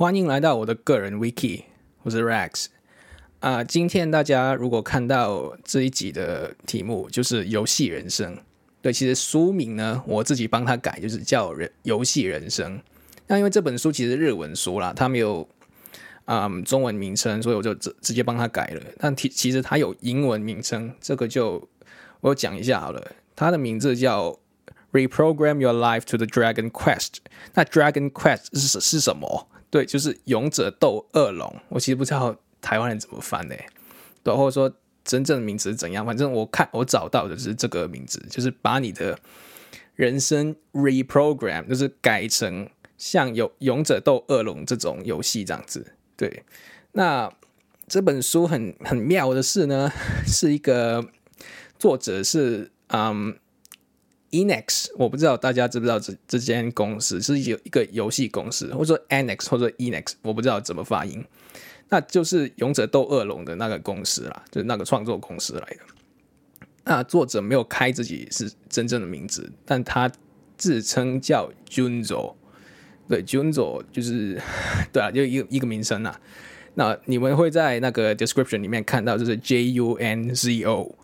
歡迎來到我的個人 wiki，我是 Rex 啊、呃。今天大家如果看到這一集的題目，就是《遊戲人生》。對，其實書名呢，我自己幫他改，就是叫人《人遊戲人生》。那因為這本書其實日文書啦，它沒有啊、嗯、中文名稱，所以我就直直接幫他改了。但其其實它有英文名稱，這個就我講一下好了。它的名字叫《Reprogram Your Life to the Dragon Quest》。那《Dragon Quest》是是是什麼？對，就是《勇者鬥惡龍》，我其實不知道台灣人怎麼翻的，對，或者說真正的名字是怎樣，反正我看我找到的就是這個名字，就是把你的人生 reprogram，就是改成像有《勇者鬥惡龍》這種遊戲這樣子。對，那這本書很很妙的是呢，是一個作者是嗯。Enix，我不知道大家知不知道這這間公司是有一個遊戲公司，或者說 Annex 或者說 Enix，我不知道怎麼發音。那就是《勇者鬥惡龍》的那個公司啦，就是那個創作公司來的。那作者沒有開自己是真正的名字，但他自稱叫 Junzo 對。對，Junzo 就是對啊，就一個一個名稱啦。那你們會在那個 description 裡面看到，就是 JUNZO。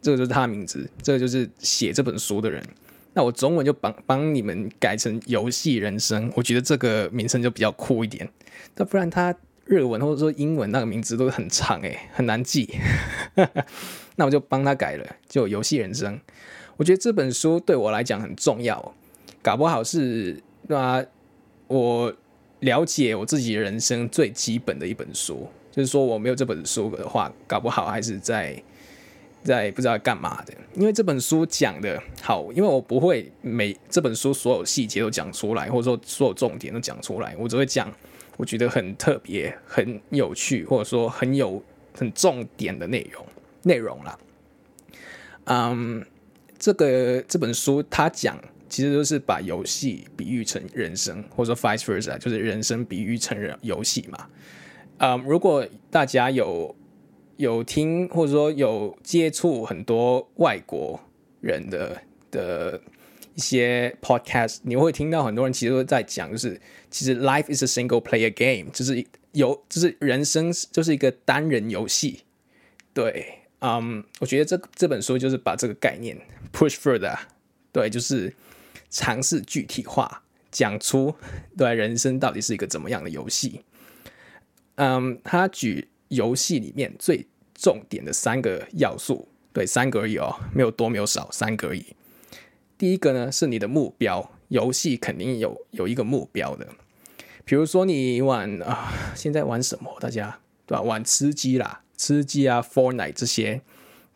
這個就是他的名字，這個就是寫這本書的人。那我中文就幫幫你們改成《遊戲人生》，我覺得這個名稱就比較酷一點。那不然他日文或者說英文那個名字都很長誒、欸，很難記。 那我就幫他改了，就《遊戲人生》。我覺得這本書對我來講很重要，搞不好是啊，我了解我自己的人生最基本的一本書。就是說，我沒有這本書的話，搞不好還是在。在不知道幹嘛的，因為這本書講的好，因為我不會每這本書所有細節都講出來，或者說所有重點都講出來，我只會講我覺得很特別、很有趣，或者說很有很重點的內容內容啦。嗯，這個這本書它講，其實就是把遊戲比喻成人生，或者說 vice versa，就是人生比喻成人遊戲嘛。嗯，如果大家有。有聽或者說有接觸很多外國人的的一些 podcast，你會聽到很多人其實都在講，就是其實 life is a single player game，就是有就是人生就是一個單人遊戲。對，嗯，um，我覺得這這本書就是把這個概念 push further，對，就是嘗試具體化講出對人生到底是一個怎麼樣的遊戲。嗯，他舉遊戲裡面最重點的三個要素，對，三個而已哦，沒有多，沒有少，三個而已。第一個呢是你的目標，遊戲肯定有有一個目標的，比如說你玩啊，現在玩什麼？大家對吧、啊？玩吃雞啦，吃雞啊 f o r n i t e 這些，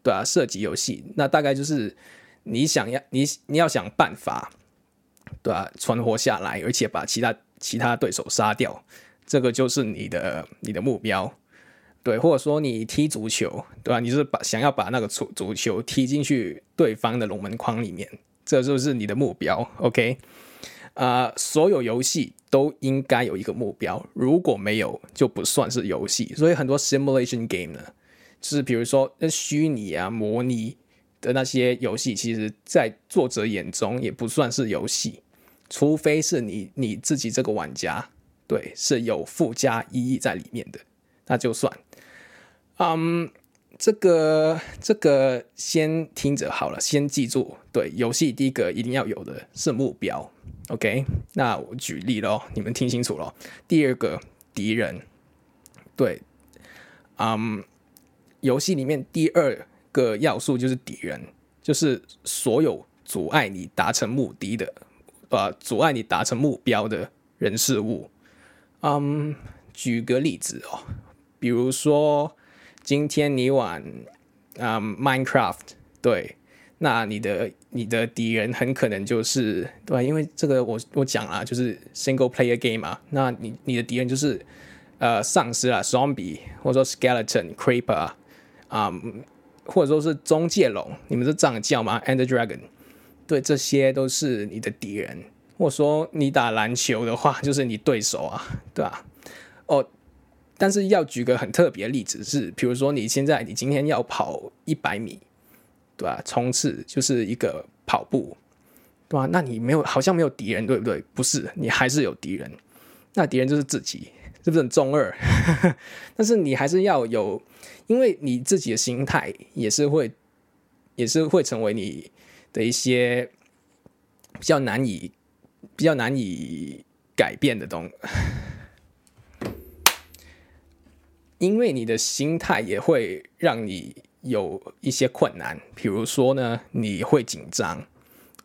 對啊，射擊遊戲，那大概就是你想要你你要想辦法，對啊，存活下來，而且把其他其他對手殺掉，這個就是你的你的目標。對，或者說你踢足球，對吧、啊？你就是把想要把那個足足球踢進去對方的龍門框裡面，這就是你的目標。OK，啊、呃，所有遊戲都應該有一個目標，如果沒有就不算是遊戲。所以很多 simulation game 呢，就是比如說那虛擬啊、模擬的那些遊戲，其實，在作者眼中也不算是遊戲，除非是你你自己這個玩家，對，是有附加意義在裡面的。那就算，嗯、um,，這個這個先聽着好了，先記住。對，遊戲第一個一定要有的是目標，OK？那我舉例咯，你們聽清楚了。第二個敵人，對，嗯、um,，遊戲裡面第二個要素就是敵人，就是所有阻礙你達成目的的，呃，阻礙你達成目標的人事物。嗯、um,，舉個例子哦。比如說，今天你玩啊、嗯，Minecraft，對，那你的你的敵人很可能就是對，因為這個我我講了，就是 single player game 啊，那你你的敵人就是呃，喪屍啊，Zombie，或者說 Skeleton，Creeper 啊、嗯，或者說是終界龍，你們是這樣叫嗎？Ender Dragon，對，這些都是你的敵人。或者說你打籃球的話，就是你對手啊，對吧、啊？哦。但是要舉個很特別的例子是，比如說你現在你今天要跑一百米，對吧？衝刺就是一個跑步，對吧？那你沒有好像沒有敵人，對不對？不是，你還是有敵人，那敵人就是自己，是不是很中二？ 但是你還是要有，因為你自己的心態也是會，也是會成為你的一些比較難以、比較難以改變的東西。因為你的心態也會讓你有一些困難，比如說呢，你會緊張，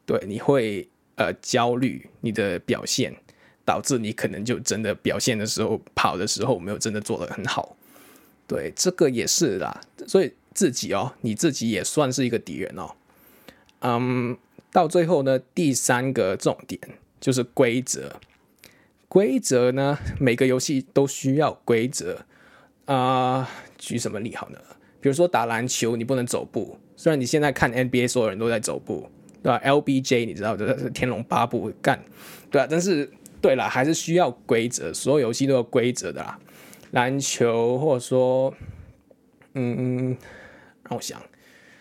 對，你會呃焦慮，你的表現導致你可能就真的表現的時候，跑的時候沒有真的做得很好，對，這個也是啦，所以自己哦，你自己也算是一個敵人哦，嗯，到最後呢，第三個重點就是規則，規則呢，每個遊戲都需要規則。啊、呃，舉什麼例好呢？比如說打籃球，你不能走步。雖然你現在看 NBA，所有人都在走步，對吧、啊？LBJ，你知道的，就是天龍八步會幹，對吧、啊？但是，對啦，還是需要規則。所有遊戲都有規則的啦。籃球，或者說，嗯，讓我想，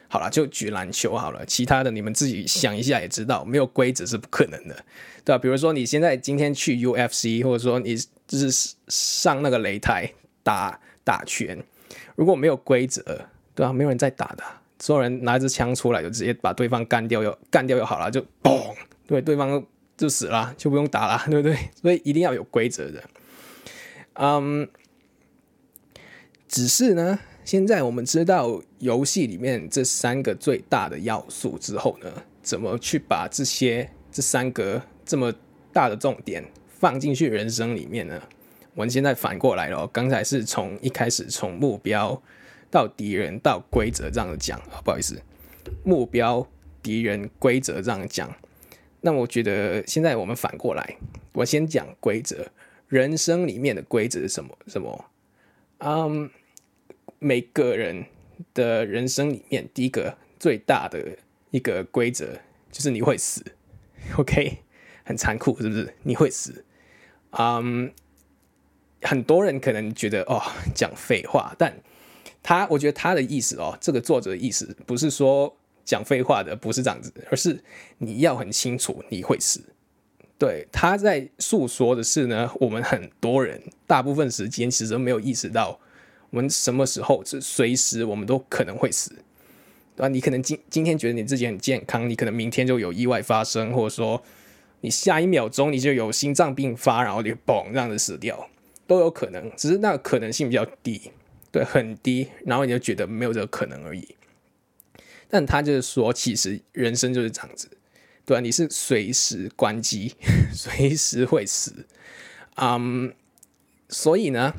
好了，就舉籃球好了。其他的你們自己想一下也知道，沒有規則是不可能的，對吧、啊？比如說你現在今天去 UFC，或者說你就是上那個擂台打，打拳，如果沒有規則，對啊？沒有人在打的，所有人拿一支槍出來，就直接把對方幹掉又，又幹掉又好了，就嘣，對，對方就死了，就不用打了，對不對，對？所以一定要有規則的。嗯，只是呢，現在我們知道遊戲裡面這三個最大的要素之後呢，怎麼去把這些這三個這麼大的重點放進去人生裡面呢？我們現在反過來了，剛才是從一開始從目標到敵人到規則這樣的講，不好意思，目標、敵人、規則這樣講。那我覺得現在我們反過來，我先講規則。人生裡面的規則是什麼？什麼？嗯，每個人的人生裡面第一個最大的一個規則就是你會死。OK，很殘酷是不是？你會死。嗯。很多人可能覺得哦，講廢話，但他，我覺得他的意思哦，這個作者的意思不是說講廢話的，不是這樣子，而是你要很清楚你會死。對，他在訴說的是呢，我們很多人大部分時間其實都沒有意識到，我們什麼時候是隨時我們都可能會死。對吧？啊，你可能今今天覺得你自己很健康，你可能明天就有意外發生，或者說你下一秒鐘你就有心臟病發，然後你嘣讓人死掉。都有可能，只是那個可能性比較低，對，很低。然後你就覺得沒有這個可能而已。但他就是說，其實人生就是這樣子，對吧、啊？你是隨時關機，隨時會死，嗯、um。所以呢，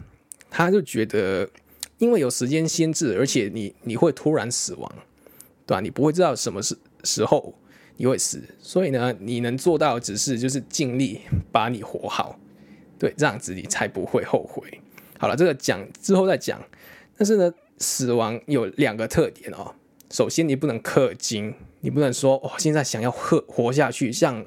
他就覺得，因為有時間限制，而且你你會突然死亡，對吧、啊？你不會知道什麼是時候你會死，所以呢，你能做到只是就是盡力把你活好。對，這樣子你才不會後悔。好了，這個講，之後再講。但是呢，死亡有兩個特點哦、喔。首先，你不能氪金，你不能說哦，現在想要活活下去。像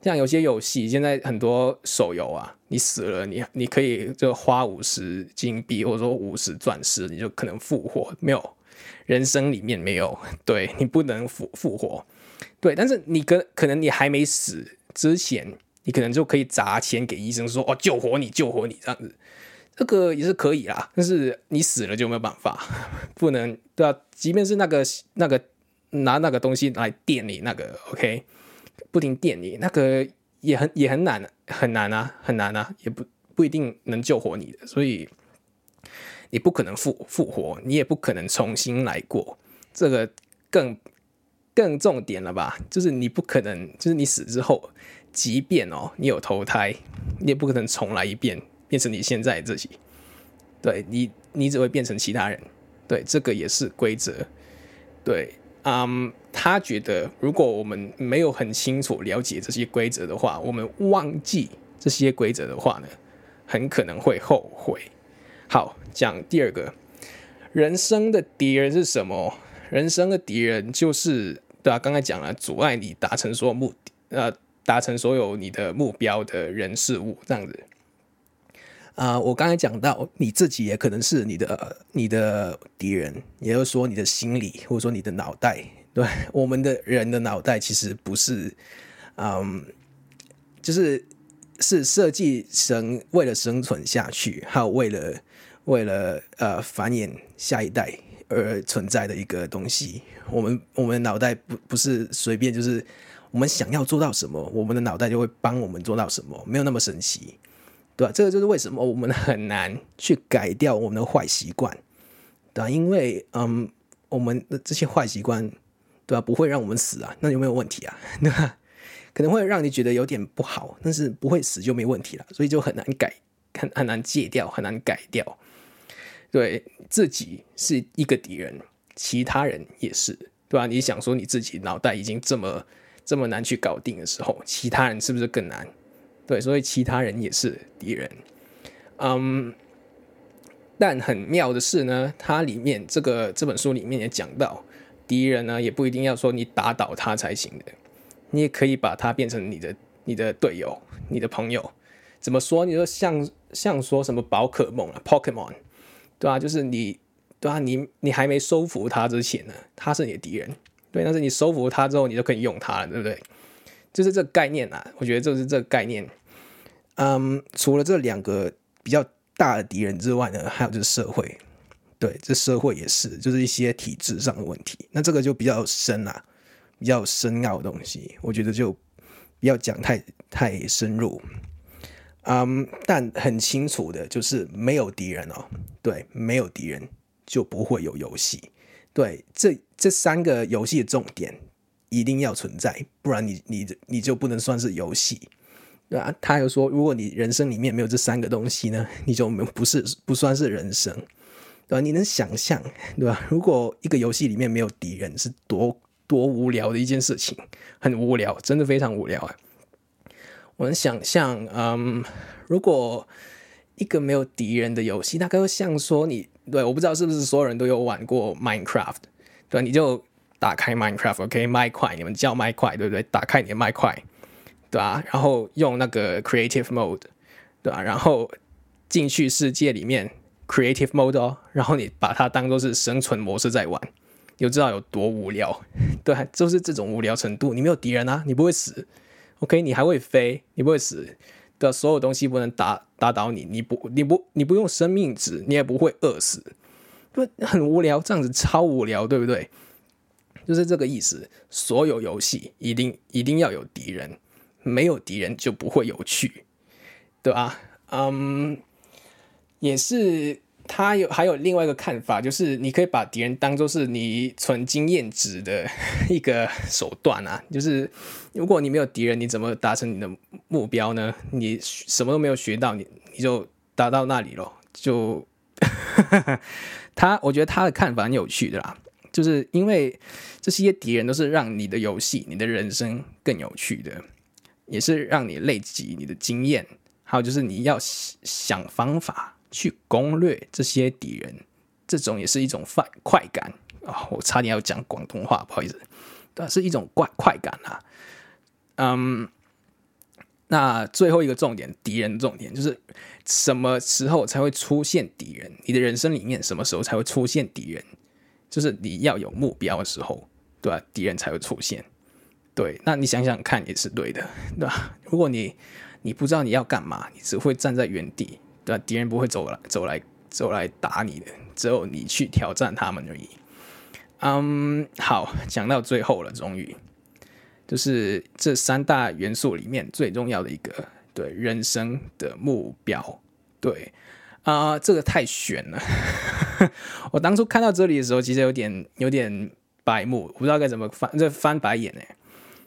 像有些遊戲，現在很多手遊啊，你死了，你你可以就花五十金幣或者說五十鑽石，你就可能復活。沒有，人生裡面沒有。對，你不能復復活。對，但是你可可能你還沒死之前。你可能就可以砸錢給醫生說哦，救活你，救活你這樣子，這個也是可以啦。但是你死了就沒有辦法，不能對啊。即便是那個那個拿那個東西來電你，那個 OK，不停電你，那個也很也很難很難啊，很難啊，也不不一定能救活你的。所以你不可能復復活，你也不可能重新來過。這個更更重點了吧？就是你不可能，就是你死之後。即便哦，你有投胎，你也不可能重來一遍，變成你現在自己。對你，你只會變成其他人。對，這個也是規則。對，嗯，um，他覺得如果我們沒有很清楚了解這些規則的話，我們忘記這些規則的話呢，很可能會後悔。好，講第二個，人生的敵人是什麼？人生的敵人就是，對啊，剛才講了，阻礙你達成所有目的，呃達成所有你的目標的人事物這樣子，啊、呃，我剛才講到你自己也可能是你的、呃、你的敵人，也就是說你的心理或者說你的腦袋，對，我們的人的腦袋其實不是，嗯、呃，就是是設計生為了生存下去還有為了為了呃繁衍下一代而存在的一個東西，我們我們的腦袋不不是隨便就是。我們想要做到什麼，我們的腦袋就會幫我們做到什麼，沒有那麼神奇，對吧？這個就是為什麼我們很難去改掉我們的壞習慣，對吧？因為嗯，我們的這些壞習慣，對吧？不會讓我們死啊，那有沒有問題啊？對吧？可能會讓你覺得有點不好，但是不會死就沒問題了，所以就很難改，很很難戒掉，很難改掉。對，自己是一個敵人，其他人也是，對吧？你想說你自己腦袋已經這麼。這麼難去搞定的時候，其他人是不是更難？對，所以其他人也是敵人。嗯，um，但很妙的是呢，它裡面這個這本書裡面也講到，敵人呢也不一定要說你打倒他才行的，你也可以把他變成你的你的隊友、你的朋友。怎麼說？你說像像說什麼寶可夢啊，Pokemon，對吧，啊？就是你對啊，你你還沒收服他之前呢，他是你的敵人。但是你收服它之後，你就可以用它了，對不對？就是這個概念啊，我覺得就是這個概念。嗯，除了這兩個比較大的敵人之外呢，還有就是社會，對，這社會也是，就是一些體制上的問題。那這個就比較深啊，比較深奧的東西，我覺得就不要講太太深入。嗯，但很清楚的就是沒有敵人哦，對，沒有敵人就不會有遊戲，對，這。這三個遊戲的重點一定要存在，不然你你你就不能算是遊戲，對吧？他又說，如果你人生裡面沒有這三個東西呢，你就沒不是不算是人生，對吧？你能想象，對吧？如果一個遊戲裡面沒有敵人，是多多無聊的一件事情，很無聊，真的非常無聊啊！我能想象，嗯，如果一個沒有敵人的遊戲，大概會像說你，對，我不知道是不是所有人都有玩過 Minecraft。對啊，你就打開 Minecraft，OK，麥塊，你們叫麥塊，對不對？打開你的麥塊，對啊？然後用那個 Creative Mode，對啊？然後進去世界裡面 Creative Mode 哦，然後你把它當做是生存模式在玩，你就知道有多無聊。對啊，就是這種無聊程度，你沒有敵人啊，你不會死。OK，你還會飛，你不會死。對啊，所有東西不能打打倒你，你不，你不，你不用生命值，你也不會餓死。很無聊，這樣子超無聊，對不對？就是這個意思。所有遊戲一定一定要有敵人，沒有敵人就不會有趣，對吧？嗯、um，也是。他有還有另外一個看法，就是你可以把敵人當做是你存經驗值的一個手段啊。就是如果你沒有敵人，你怎麼達成你的目標呢？你什麼都沒有學到，你你就達到那裡咯，就。 他，我覺得他的看法很有趣的啦，就是因為這些敵人都是讓你的遊戲、你的人生更有趣的，也是讓你累積你的經驗，還有就是你要想方法去攻略這些敵人，這種也是一種快快感啊、哦！我差點要講廣東話，不好意思，對、啊、是一種快快感啦、啊，嗯。那最後一個重點，敵人的重點就是什麼時候才會出現敵人？你的人生裡面什麼時候才會出現敵人？就是你要有目標的時候，對吧？敵人才會出現。對，那你想想看，也是對的，對吧？如果你你不知道你要幹嘛，你只會站在原地，對吧？敵人不會走來走來走來打你的，只有你去挑戰他們而已。嗯，um，好，講到最後了，終於。就是這三大元素裡面最重要的一個，對，人生的目標，對啊、呃，這個太懸了。 我當初看到這裡的時候，其實有點有點白目，不知道該怎麼翻，這翻白眼呢，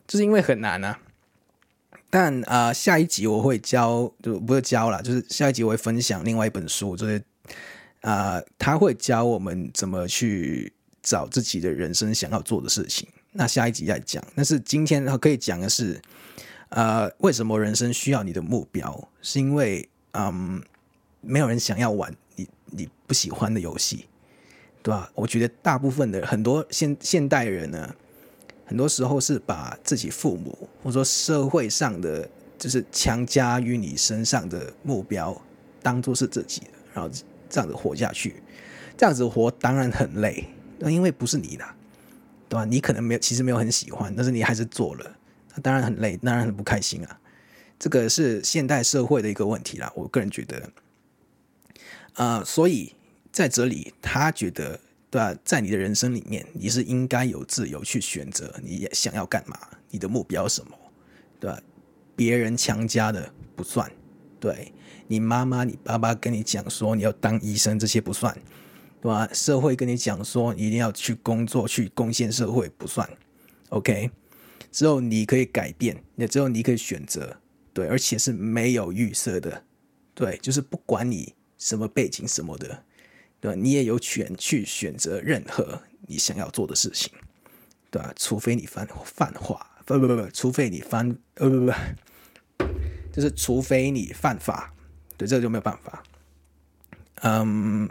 就是因為很難吶、啊。但啊、呃，下一集我會教，就不是教了，就是下一集我會分享另外一本書，就是啊、呃，他會教我們怎麼去找自己的人生想要做的事情。那下一集再講。但是今天可以講的是，呃，為什麼人生需要你的目標？是因為，嗯，沒有人想要玩你你不喜歡的遊戲，對吧？我覺得大部分的很多現現代人呢，很多時候是把自己父母或者說社會上的就是強加於你身上的目標，當做是自己的，然後這樣子活下去。這樣子活當然很累，因為不是你的。對吧？你可能沒有，其實沒有很喜歡，但是你還是做了。那當然很累，當然很不開心啊。這個是現代社會的一個問題啦。我個人覺得，啊、呃，所以在這裡他覺得，對吧？在你的人生裡面，你是應該有自由去選擇你想要幹嘛，你的目標什麼，對吧？別人強加的不算，對，你媽媽、你爸爸跟你講說你要當醫生，這些不算。對吧？社會跟你講說，一定要去工作，去貢獻社會，不算。OK，只有你可以改變，也只有你可以選擇。對，而且是沒有預設的。對，就是不管你什麼背景什麼的，對你也有權去選擇任何你想要做的事情。對吧？除非你犯犯法，不不不不，除非你犯，呃，不不，就是除非你犯法。對，這個就沒有辦法。嗯。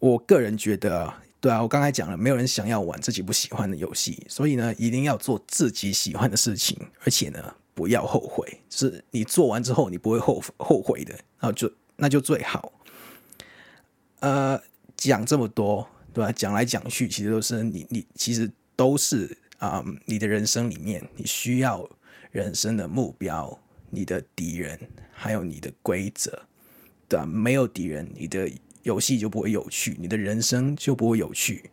我個人覺得，對啊，我剛才講了，沒有人想要玩自己不喜歡的遊戲，所以呢，一定要做自己喜歡的事情，而且呢，不要後悔，就是你做完之後，你不會後後悔的，那就，那就最好。呃，講這麼多，對吧？講來講去，其實都是你，你其實都是啊，你的人生裡面，你需要人生的目標，你的敵人，還有你的規則，對吧？沒有敵人，你的。遊戲就不會有趣，你的人生就不會有趣，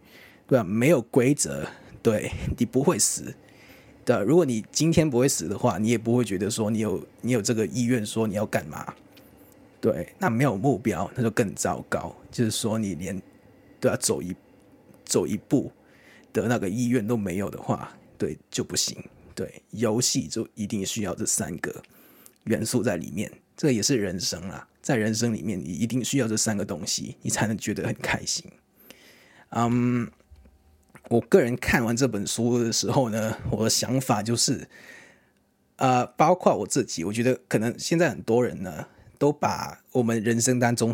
對吧、啊？沒有規則，對你不會死，對、啊、如果你今天不會死的話，你也不會覺得說你有你有這個意願說你要幹嘛，對？那沒有目標，那就更糟糕。就是說你連都要、啊、走一走一步的那個意願都沒有的話，對就不行。對，遊戲就一定需要這三個元素在裡面。這個也是人生啊，在人生裡面，你一定需要這三個東西，你才能覺得很開心。嗯，um，我個人看完這本書的時候呢，我的想法就是，呃，包括我自己，我覺得可能現在很多人呢，都把我們人生當中、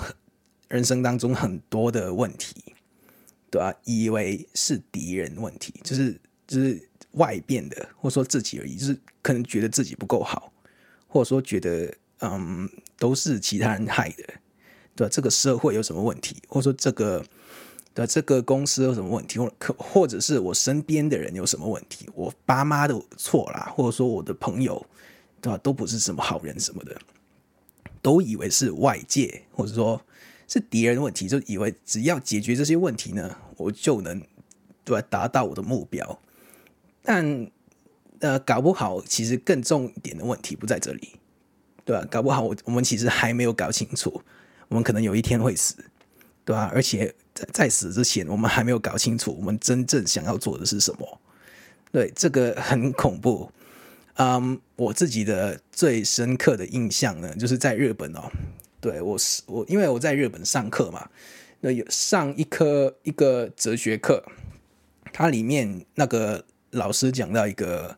人生當中很多的問題，對吧？以為是敵人問題，就是就是外邊的，或者說自己而已，就是可能覺得自己不夠好，或者說覺得。嗯，都是其他人害的，對吧？這個社會有什麼問題，或者說這個，對，這個公司有什麼問題，或可，或者是我身邊的人有什麼問題，我爸媽的錯啦，或者說我的朋友，對吧，都不是什麼好人什麼的，都以為是外界，或者說是敵人的問題，就以為只要解決這些問題呢，我就能對吧，達到我的目標，但呃，搞不好其實更重點的問題不在這裡。對吧？搞不好我我們其實還沒有搞清楚，我們可能有一天會死，對吧？而且在在死之前，我們還沒有搞清楚我們真正想要做的是什麼。對，這個很恐怖。嗯、um,，我自己的最深刻的印象呢，就是在日本哦。對，我是我，因為我在日本上課嘛，那有上一科一個哲學課，它裡面那個老師講到一個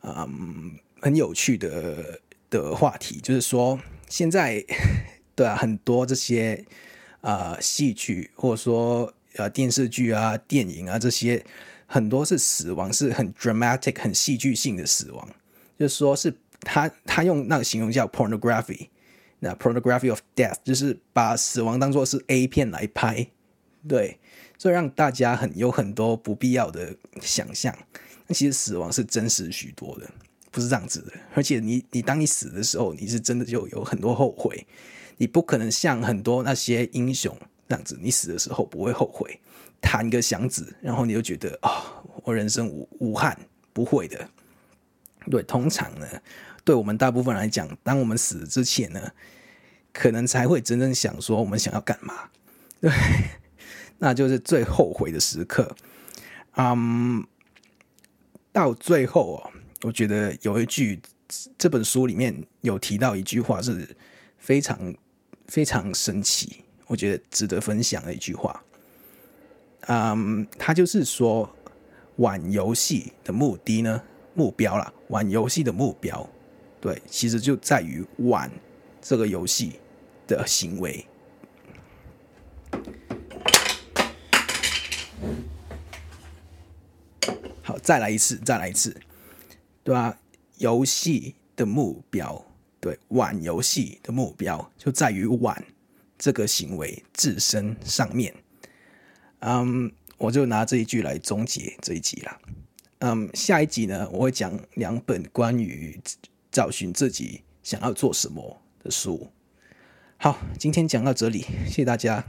嗯、um, 很有趣的的話題就是說，現在對啊，很多這些啊、呃、戲曲或者說呃電視劇啊、電影啊這些，很多是死亡是很 dramatic、很戲劇性的死亡，就是說是他他用那個形容叫 pornography，那 pornography of death 就是把死亡當做是 A 片來拍，對，所以讓大家很有很多不必要的想象，那其實死亡是真實許多的。不是這樣子的，而且你，你當你死的時候，你是真的就有很多後悔，你不可能像很多那些英雄這樣子，你死的時候不會後悔，彈個響指，然後你就覺得哦，我人生無無憾，不會的。對，通常呢，對我們大部分人來講，當我們死之前呢，可能才會真正想說我們想要幹嘛，對， 那就是最後悔的時刻。嗯，um，到最後哦。我覺得有一句，這本書裡面有提到一句話是非常非常神奇，我覺得值得分享的一句話。嗯，他就是說，玩遊戲的目的呢，目標啦，玩遊戲的目標，對，其實就在於玩這個遊戲的行為。好，再來一次，再來一次。對啊，遊戲的目標，對，玩遊戲的目標就在於玩這個行為自身上面。嗯，um，我就拿這一句來終結這一集了。嗯，um，下一集呢，我會講兩本關於找尋自己想要做什麼的書。好，今天講到這裡，謝謝大家。